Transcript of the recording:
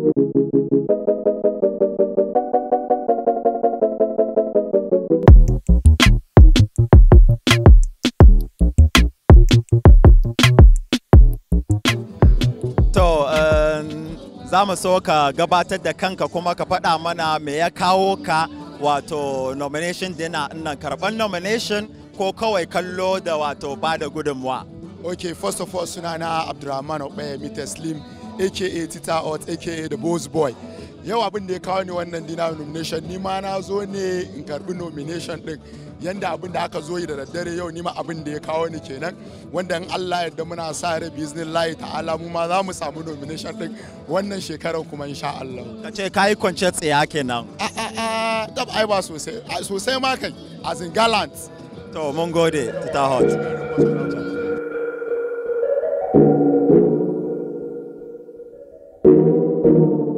Eh, za mu so ka gabatar da kanka kuma ka faɗa mana me ya kawo ka wato nomination dina nan karɓar nomination ko kawai kallo da wato bada da gudunmuwa. ok first of all sunana abdulrahman Mr. slim. aka tita out aka the boss boy yau abin da ya kawo ni wannan dina nomination ni ma na zo ne in karbi nomination din yanda abin da aka zo yi da daddare yau ni ma abin da ya kawo ni kenan wanda in Allah yadda muna sa rai ta ta'ala mu ma za mu samu nomination din wannan shekarar kuma insha Allah ka ce kai kwance tsaya kenan a a a ai ba sosai sosai ma kai as in gallant to mun gode tita hot thank you.